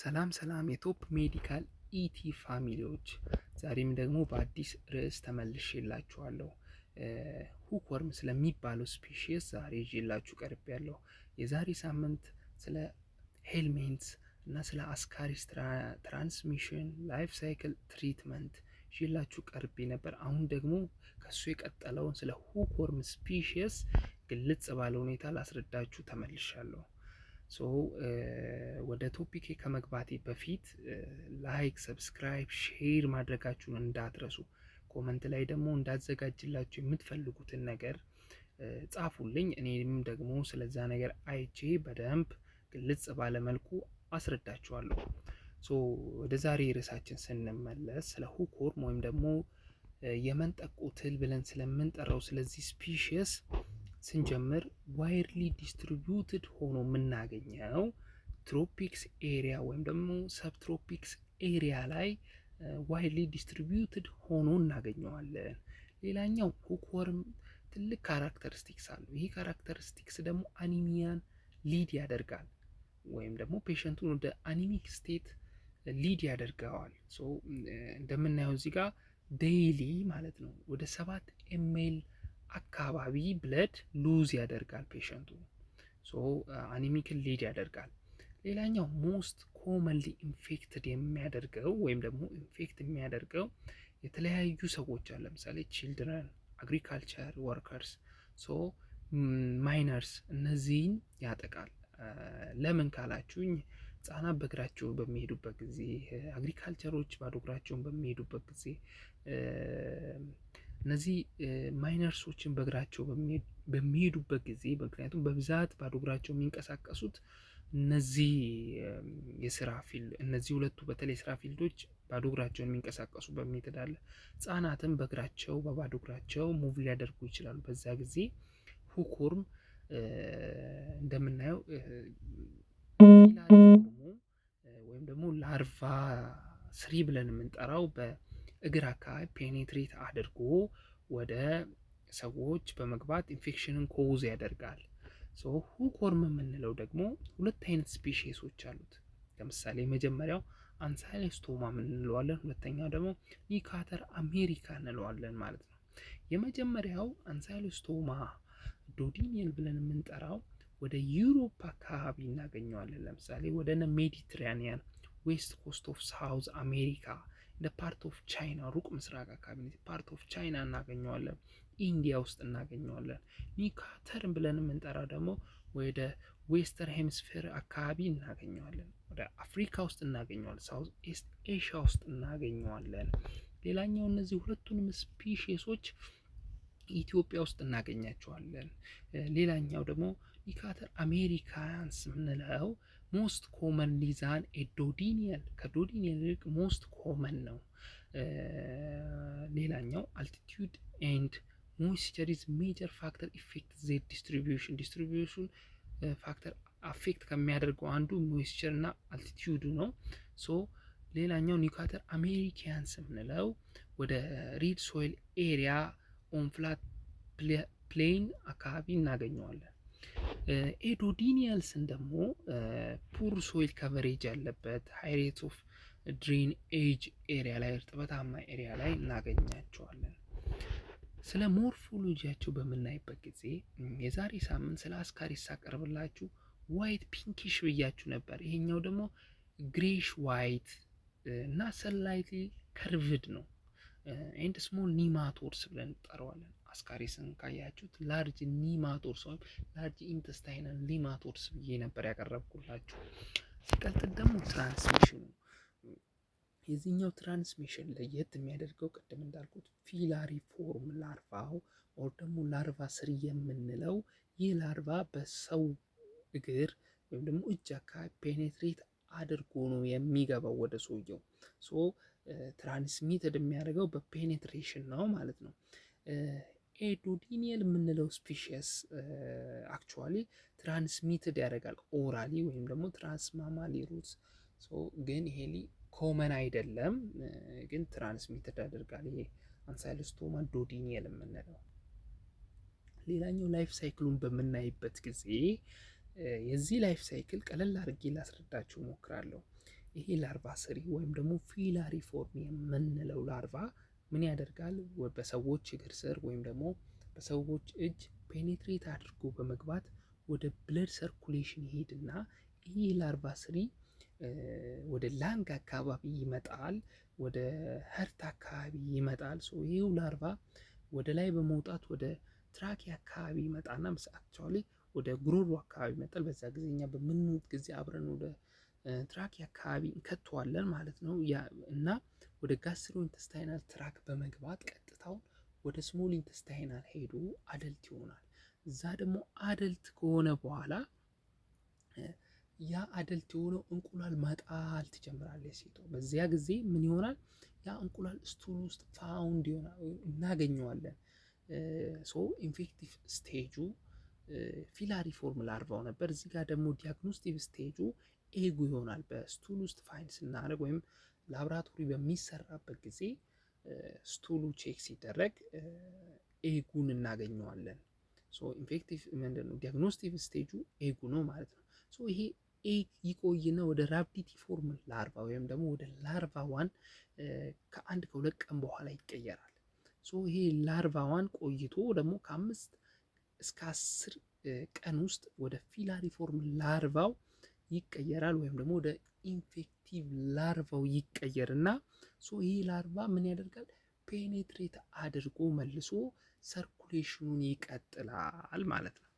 ሰላም ሰላም የቶፕ ሜዲካል ኢቲ ፋሚሊዎች፣ ዛሬም ደግሞ በአዲስ ርዕስ ተመልሼላችኋለሁ። ሁክወርም ስለሚባለው ስፔሽስ ዛሬ ይዤላችሁ ያለው የዛሬ ሳምንት ስለ ሄልሜንትስ እና ስለ አስካሪስ ትራንስሚሽን ላይፍ ሳይክል ትሪትመንት ይዤላችሁ ቀርቤ ነበር። አሁን ደግሞ ከሱ የቀጠለውን ስለ ሁክወርም ስፔሽስ ግልጽ ባለ ሁኔታ ላስረዳችሁ ተመልሻለሁ። ወደ ቶፒኬ ከመግባቴ በፊት ላይክ፣ ሰብስክራይብ፣ ሼር ማድረጋችሁን እንዳትረሱ። ኮመንት ላይ ደግሞ እንዳዘጋጅላችሁ የምትፈልጉትን ነገር ጻፉልኝ። እኔም ደግሞ ስለዛ ነገር አይቼ በደንብ ግልጽ ባለመልኩ አስረዳችኋለሁ። ሶ ወደ ዛሬ ርዕሳችን ስንመለስ ስለ ሁኮርም ወይም ደግሞ የመንጠቆ ትል ብለን ስለምንጠራው ስለዚህ ስፒሽስ ስንጀምር ዋይርሊ ዲስትሪቢዩትድ ሆኖ የምናገኘው ትሮፒክስ ኤሪያ ወይም ደግሞ ሰብትሮፒክስ ኤሪያ ላይ ዋይርሊ ዲስትሪቢዩትድ ሆኖ እናገኘዋለን። ሌላኛው ሁክወርም ትልቅ ካራክተሪስቲክስ አለው። ይህ ካራክተሪስቲክስ ደግሞ አኒሚያን ሊድ ያደርጋል ወይም ደግሞ ፔሸንቱን ወደ አኒሚክ ስቴት ሊድ ያደርገዋል። እንደምናየው እዚህ ጋር ዴይሊ ማለት ነው ወደ ሰባት ኤምኤል አካባቢ ብለድ ሉዝ ያደርጋል ፔሸንቱ ሶ አኒሚክን ሊድ ያደርጋል። ሌላኛው ሞስት ኮመንሊ ኢንፌክትድ የሚያደርገው ወይም ደግሞ ኢንፌክት የሚያደርገው የተለያዩ ሰዎች አለ። ለምሳሌ ቺልድረን፣ አግሪካልቸር ወርከርስ፣ ሶ ማይነርስ እነዚህን ያጠቃል። ለምን ካላችሁኝ ህጻናት በእግራቸው በሚሄዱበት ጊዜ፣ አግሪካልቸሮች ባዶ እግራቸውን በሚሄዱበት ጊዜ እነዚህ ማይነርሶችን በእግራቸው በሚሄዱበት ጊዜ ምክንያቱም በብዛት ባዶ እግራቸው የሚንቀሳቀሱት እነዚህ የስራ ፊልድ እነዚህ ሁለቱ በተለይ ስራ ፊልዶች ባዶ እግራቸውን የሚንቀሳቀሱ በሚትዳለ ህጻናትም በእግራቸው በባዶ እግራቸው ሙቭ ሊያደርጉ ይችላሉ። በዛ ጊዜ ሁኮርም እንደምናየው ወይም ደግሞ ላርቫ ስሪ ብለን የምንጠራው እግር አካባቢ ፔኔትሬት አድርጎ ወደ ሰዎች በመግባት ኢንፌክሽንን ኮዝ ያደርጋል። ሶ ሁኮርም የምንለው ደግሞ ሁለት አይነት ስፔሽሶች አሉት። ለምሳሌ መጀመሪያው አንሳይሎስቶማ እንለዋለን፣ ሁለተኛው ደግሞ ኒካተር አሜሪካ እንለዋለን ማለት ነው። የመጀመሪያው አንሳይሎስቶማ ዶዲኒየል ብለን የምንጠራው ወደ ዩሮፕ አካባቢ እናገኘዋለን። ለምሳሌ ወደ ሜዲትራኒያን ዌስት ኮስት ኦፍ ሳውዝ አሜሪካ እንደ ፓርት ኦፍ ቻይና ሩቅ ምስራቅ አካባቢ ፓርት ኦፍ ቻይና እናገኘዋለን። ኢንዲያ ውስጥ እናገኘዋለን። ኒካተርን ብለን የምንጠራ ደግሞ ወደ ዌስተር ሄምስፌር አካባቢ እናገኘዋለን። ወደ አፍሪካ ውስጥ እናገኘዋለን። ሳውዝ ኤስት ኤሽያ ውስጥ እናገኘዋለን። ሌላኛው እነዚህ ሁለቱንም ስፒሽሶች ኢትዮጵያ ውስጥ እናገኛቸዋለን። ሌላኛው ደግሞ ኒካተር አሜሪካንስ የምንለው ሞስት ኮመን ሊዛን ኤዶዲኒየል ከዶዲኒየል ይልቅ ሞስት ኮመን ነው። ሌላኛው አልቲቲዩድ ኤንድ ሞይስቸር ኢዝ ሜጀር ፋክተር ኢፌክት ዜድ ዲስትሪቢዩሽን ዲስትሪቢዩሽን ፋክተር አፌክት ከሚያደርገው አንዱ ሞይስቸር እና አልቲቲዩዱ ነው። ሶ ሌላኛው ኒውካተር አሜሪካንስ የምንለው ወደ ሪድ ሶይል ኤሪያ ኦን ፍላት ፕሌን አካባቢ እናገኘዋለን። ኤዶዲኒያልስን ደግሞ ፑር ሶይል ከቨሬጅ ያለበት ሃይ ሬት ኦፍ ድሪን ኤጅ ኤሪያ ላይ እርጥበታማ ኤሪያ ላይ እናገኛቸዋለን። ስለ ሞርፎሎጂያቸው በምናይበት ጊዜ የዛሬ ሳምንት ስለ አስካሪስ አቀርብላችሁ ዋይት ፒንኪሽ ብያችሁ ነበር። ይሄኛው ደግሞ ግሬሽ ዋይት እና ሰላይትሊ ከርቭድ ነው ኤንድ ስሞል ኒማቶርስ ብለን እንጠራዋለን። አስካሪስን ካያችሁት ላርጅ ኒማቶርስ ወይም ላርጅ ኢንተስታይናል ኒማቶርስ ብዬ ነበር ያቀረብኩላችሁ። ሲቀጥል ደግሞ ትራንስሚሽኑ የዚህኛው ትራንስሚሽን ለየት የሚያደርገው ቅድም እንዳልኩት ፊላሪ ፎርም ላርቫው ኦር ደግሞ ላርቫ ስር የምንለው ይህ ላርቫ በሰው እግር ወይም ደግሞ እጅ አካባቢ ፔኔትሬት አድርጎ ነው የሚገባው ወደ ሰውየው። ሶ ትራንስሚትድ የሚያደርገው በፔኔትሬሽን ነው ማለት ነው። ኤዶዲኒየል የምንለው ስፒሽስ አክቹዋሊ ትራንስሚትድ ያደርጋል ኦራሊ ወይም ደግሞ ትራንስማማሊ ሩት ግን ይሄ ኮመን አይደለም፣ ግን ትራንስሚትድ ያደርጋል። ይሄ አንሳይሎስቶማ ዶዲኒየል የምንለው ሌላኛው ላይፍ ሳይክሉን በምናይበት ጊዜ የዚህ ላይፍ ሳይክል ቀለል አድርጌ ላስረዳችሁ ሞክራለሁ። ይሄ ላርቫ ስሪ ወይም ደግሞ ፊላሪፎርም የምንለው ላርቫ ምን ያደርጋል? በሰዎች እግር ስር ወይም ደግሞ በሰዎች እጅ ፔኔትሬት አድርጎ በመግባት ወደ ብለድ ሰርኩሌሽን ይሄድና ይህ ኢኤል ስሪ ወደ ላንግ አካባቢ ይመጣል። ወደ ሀርት አካባቢ ይመጣል። ይህው ላርቫ ወደ ላይ በመውጣት ወደ ትራኪ አካባቢ ይመጣና ምሳቸዋል ወደ ጉሮሮ አካባቢ ይመጣል። በዛ ጊዜ እኛ በምንሞት ጊዜ አብረን ወደ ትራክ አካባቢ እንከተዋለን ማለት ነው እና ወደ ጋስትሮ ኢንተስታይናል ትራክ በመግባት ቀጥታውን ወደ ስሞል ኢንተስታይናል ሄዶ አደልት ይሆናል። እዛ ደግሞ አደልት ከሆነ በኋላ ያ አደልት የሆነው እንቁላል መጣል ትጀምራለች ሴቷ። በዚያ ጊዜ ምን ይሆናል? ያ እንቁላል ስቱል ውስጥ ፋውንድ ይሆናል እናገኘዋለን። ሶ ኢንፌክቲቭ ስቴጁ ፊላሪ ፎርም ላርቫው ነበር። እዚህ ጋር ደግሞ ዲያግኖስቲቭ ስቴጁ ኤጉ ይሆናል። በስቱል ውስጥ ፋይንድ ስናደርግ ወይም ላብራቶሪ በሚሰራበት ጊዜ ስቱሉ ቼክ ሲደረግ ኤጉን እናገኘዋለን። ሶ ኢንፌክቲቭ ምንድን ነው ዲያግኖስቲቭ ስቴጁ ኤጉ ነው ማለት ነው። ሶ ይሄ ኤግ ይቆይና ወደ ፎርም ላርቫ ወይም ደግሞ ወደ ላርቫ ዋን ከአንድ ከሁለት ቀን በኋላ ይቀየራል። ሶ ይሄ ላርቫ ዋን ቆይቶ ደግሞ ከአምስት እስከ አስር ቀን ውስጥ ወደ ፎርም ላርቫው ይቀየራል ወይም ደግሞ ወደ ኢንፌክቲቭ ላርቫው ይቀየርና ሶ ይህ ላርቫ ምን ያደርጋል? ፔኔትሬት አድርጎ መልሶ ሰርኩሌሽኑን ይቀጥላል ማለት ነው።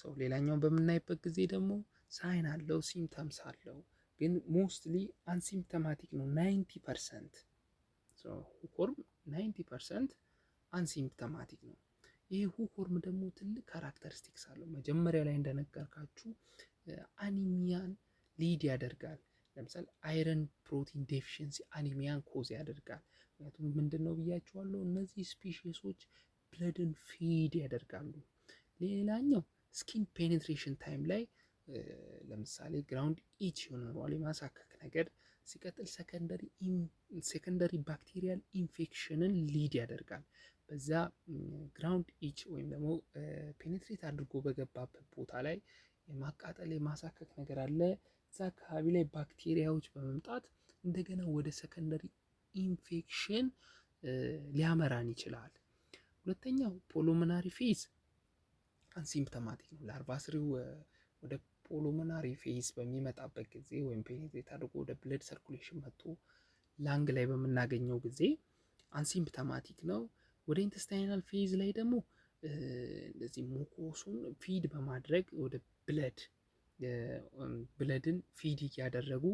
ሰው ሌላኛውን በምናይበት ጊዜ ደግሞ ሳይን አለው ሲምተምስ አለው፣ ግን ሞስትሊ አንሲምፕቶማቲክ ነው። ናይንቲ ፐርሰንት ሁኮርም ናይንቲ ፐርሰንት ነው። ይህ ሁኮርም ደግሞ ትልቅ ካራክተሪስቲክስ አለው። መጀመሪያ ላይ እንደነገርካችሁ አኒሚያን ሊድ ያደርጋል። ለምሳሌ አይረን ፕሮቲን ዴፊሽንሲ አኒሚያን ኮዝ ያደርጋል። ምክንያቱም ምንድን ነው ብያችኋለሁ፣ እነዚህ ስፒሽሶች ብለድን ፊድ ያደርጋሉ። ሌላኛው ስኪን ፔኔትሬሽን ታይም ላይ ለምሳሌ ግራውንድ ኢች ይኖረዋል የማሳከክ ነገር። ሲቀጥል ሴከንደሪ ባክቴሪያል ኢንፌክሽንን ሊድ ያደርጋል። በዛ ግራውንድ ኢች ወይም ደግሞ ፔኔትሬት አድርጎ በገባበት ቦታ ላይ የማቃጠል የማሳከክ ነገር አለ። እዛ አካባቢ ላይ ባክቴሪያዎች በመምጣት እንደገና ወደ ሰከንደሪ ኢንፌክሽን ሊያመራን ይችላል። ሁለተኛው ፖሎሞናሪ ፌዝ አንሲምፕቶማቲክ ነው። ላርቫ ወደ ፖሎሞናሪ ፌዝ በሚመጣበት ጊዜ ወይም ፔኔትሬት አድርጎ ወደ ብለድ ሰርኩሌሽን መጥቶ ላንግ ላይ በምናገኘው ጊዜ አንሲምፕቶማቲክ ነው። ወደ ኢንተስታይናል ፌዝ ላይ ደግሞ እንደዚህ ሙኮሱን ፊድ በማድረግ ወደ ብለድ ብለድን ፊድ እያደረጉ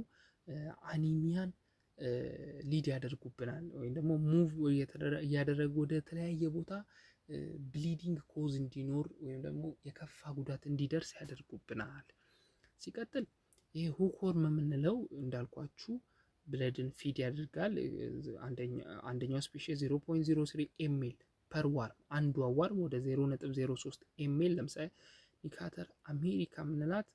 አኒሚያን ሊድ ያደርጉብናል ወይም ደግሞ ሙቭ እያደረጉ ወደ ተለያየ ቦታ ብሊዲንግ ኮዝ እንዲኖር ወይም ደግሞ የከፋ ጉዳት እንዲደርስ ያደርጉብናል። ሲቀጥል ይሄ ሁኮርም የምንለው እንዳልኳችሁ ብለድን ፊድ ያደርጋል። አንደኛው ስፔሽ 0.03 ኤሜል ፐር ዋርም አንዷ ዋርም ወደ 0.03 ኤሜል ለምሳሌ ኒካተር አሜሪካ የምንላት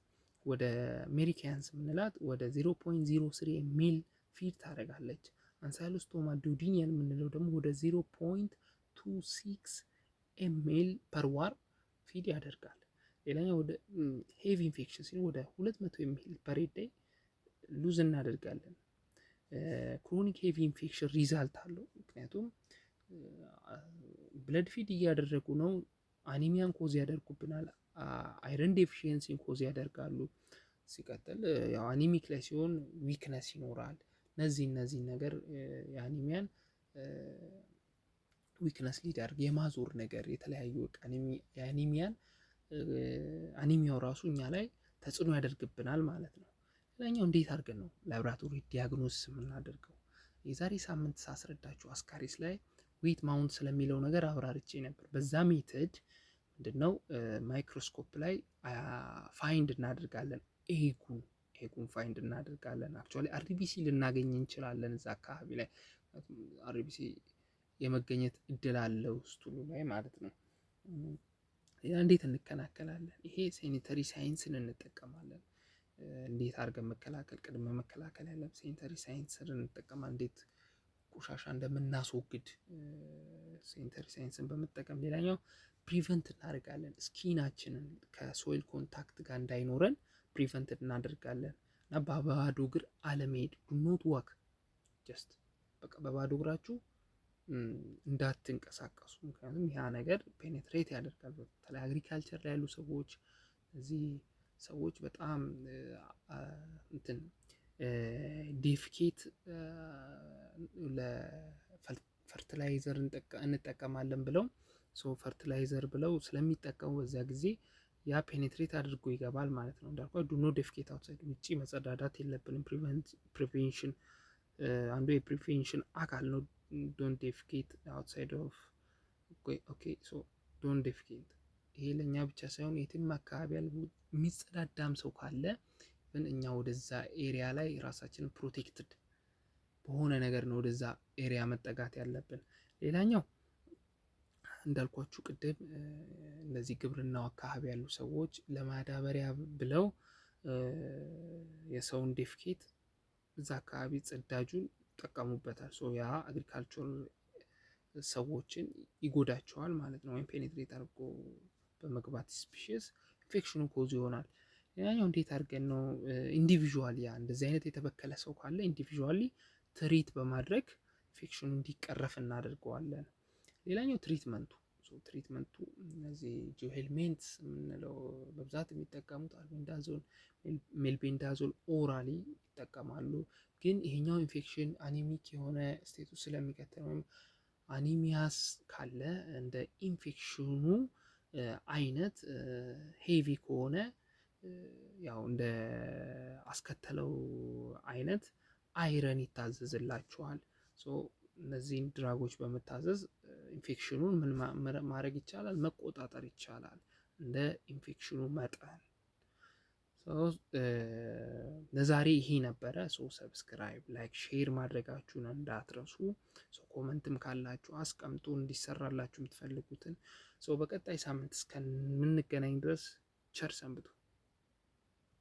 ወደ አሜሪካንስ የምንላት ወደ 0.03 ሚል ፊድ ታደርጋለች። አንሳይሎስቶማ ዱዲኒየን የምንለው ደግሞ ወደ 0.26 ሚል ፐርዋር ፊድ ያደርጋል። ሌላኛው ወደ ሄቪ ኢንፌክሽን ሲሆን ወደ 200 ሚል ፐር ሉዝ እናደርጋለን። ክሮኒክ ሄቪ ኢንፌክሽን ሪዛልት አለው። ምክንያቱም ብለድ ፊድ እያደረጉ ነው አኒሚያን ኮዝ ያደርጉብናል። አይረን ዴፊሽንሲን ኮዝ ያደርጋሉ። ሲቀጥል ያው አኒሚክ ላይ ሲሆን ዊክነስ ይኖራል። እነዚህ እነዚህ ነገር የአኒሚያን ዊክነስ ሊዳርግ የማዞር ነገር የተለያዩ የአኒሚያን አኒሚያው ራሱ እኛ ላይ ተጽዕኖ ያደርግብናል ማለት ነው። ሌላኛው እንዴት አድርገን ነው ላብራቶሪ ዲያግኖስ የምናደርገው? የዛሬ ሳምንት ሳስረዳችሁ አስካሪስ ላይ ዊት ማውንት ስለሚለው ነገር አብራርቼ ነበር። በዛ ሜትድ ምንድነው ማይክሮስኮፕ ላይ ፋይንድ እናደርጋለን ኤጉን ኤጉን ፋይንድ እናደርጋለን። አክቹዋሊ አርቢሲ ልናገኝ እንችላለን እዛ አካባቢ ላይ አርቢሲ የመገኘት እድል አለው ስቱሉ ላይ ማለት ነው። እንዴት እንከላከላለን? ይሄ ሴኒተሪ ሳይንስን እንጠቀማለን። እንዴት አድርገን መከላከል ቅድመ መከላከል ያለን ሴኒተሪ ሳይንስን እንጠቀማለን። እንዴት ቆሻሻ እንደምናስወግድ ሴንተሪ ሳይንስን በመጠቀም ሌላኛው ፕሪቨንት እናደርጋለን። ስኪናችንን ከሶይል ኮንታክት ጋር እንዳይኖረን ፕሪቨንት እናደርጋለን እና በባዶ እግር አለመሄድ ዱኖት ዋክ ጀስት በቃ በባዶ እግራችሁ እንዳትንቀሳቀሱ። ምክንያቱም ያ ነገር ፔኔትሬት ያደርጋል። በተለይ አግሪካልቸር ላይ ያሉ ሰዎች እዚህ ሰዎች በጣም እንትን ዴፍኬት ለፈርትላይዘር እንጠቀማለን ብለው ሶ ፈርትላይዘር ብለው ስለሚጠቀሙ በዚያ ጊዜ ያ ፔኔትሬት አድርጎ ይገባል ማለት ነው። እንዳልኳ ዱኖ ዴፍኬት አውትሳይድ ውጭ መጸዳዳት የለብንም። ፕሪቬንሽን አንዱ የፕሪቬንሽን አካል ነው። ዶን ዴፍኬት አውትሳይድ ኦፍ ኦኬ ሶ ዶን ዴፍኬት ይሄ ለእኛ ብቻ ሳይሆን የትም አካባቢ ያለ የሚጸዳዳም ሰው ካለ ግን እኛ ወደዛ ኤሪያ ላይ ራሳችን ፕሮቴክትድ በሆነ ነገር ነው ወደዛ ኤሪያ መጠጋት ያለብን። ሌላኛው እንዳልኳችሁ ቅድም እንደዚህ ግብርናው አካባቢ ያሉ ሰዎች ለማዳበሪያ ብለው የሰውን ዴፍኬት እዛ አካባቢ ጽዳጁን ይጠቀሙበታል። ሶ ያ አግሪካልቸር ሰዎችን ይጎዳቸዋል ማለት ነው። ወይም ፔኔትሬት አድርጎ በመግባት ስፒሽስ ኢንፌክሽኑ ኮዝ ይሆናል። ያኛው እንዴት አድርገን ነው ኢንዲቪዥዋል ያ እንደዚህ አይነት የተበከለ ሰው ካለ ኢንዲቪዥዋሊ ትሪት በማድረግ ኢንፌክሽኑ እንዲቀረፍ እናደርገዋለን። ሌላኛው ትሪትመንቱ ትሪትመንቱ እነዚህ ጁሄልሜንት የምንለው በብዛት የሚጠቀሙት አልቤንዳዞል፣ ሜልቤንዳዞል ኦራሊ ይጠቀማሉ። ግን ይሄኛው ኢንፌክሽን አኒሚክ የሆነ ስቴቱ ስለሚከተል ወይም አኒሚያስ ካለ እንደ ኢንፌክሽኑ አይነት ሄቪ ከሆነ ያው እንደ አስከተለው አይነት አይረን ይታዘዝላችኋል። እነዚህን ድራጎች በመታዘዝ ኢንፌክሽኑን ምን ማድረግ ይቻላል? መቆጣጠር ይቻላል። እንደ ኢንፌክሽኑ መጠን ለዛሬ ይሄ ነበረ። ሶ ሰብስክራይብ፣ ላይክ፣ ሼር ማድረጋችሁን እንዳትረሱ። ሶ ኮመንትም ካላችሁ አስቀምጡ እንዲሰራላችሁ የምትፈልጉትን። ሶ በቀጣይ ሳምንት እስከምንገናኝ ድረስ ቸር ሰንብቱ።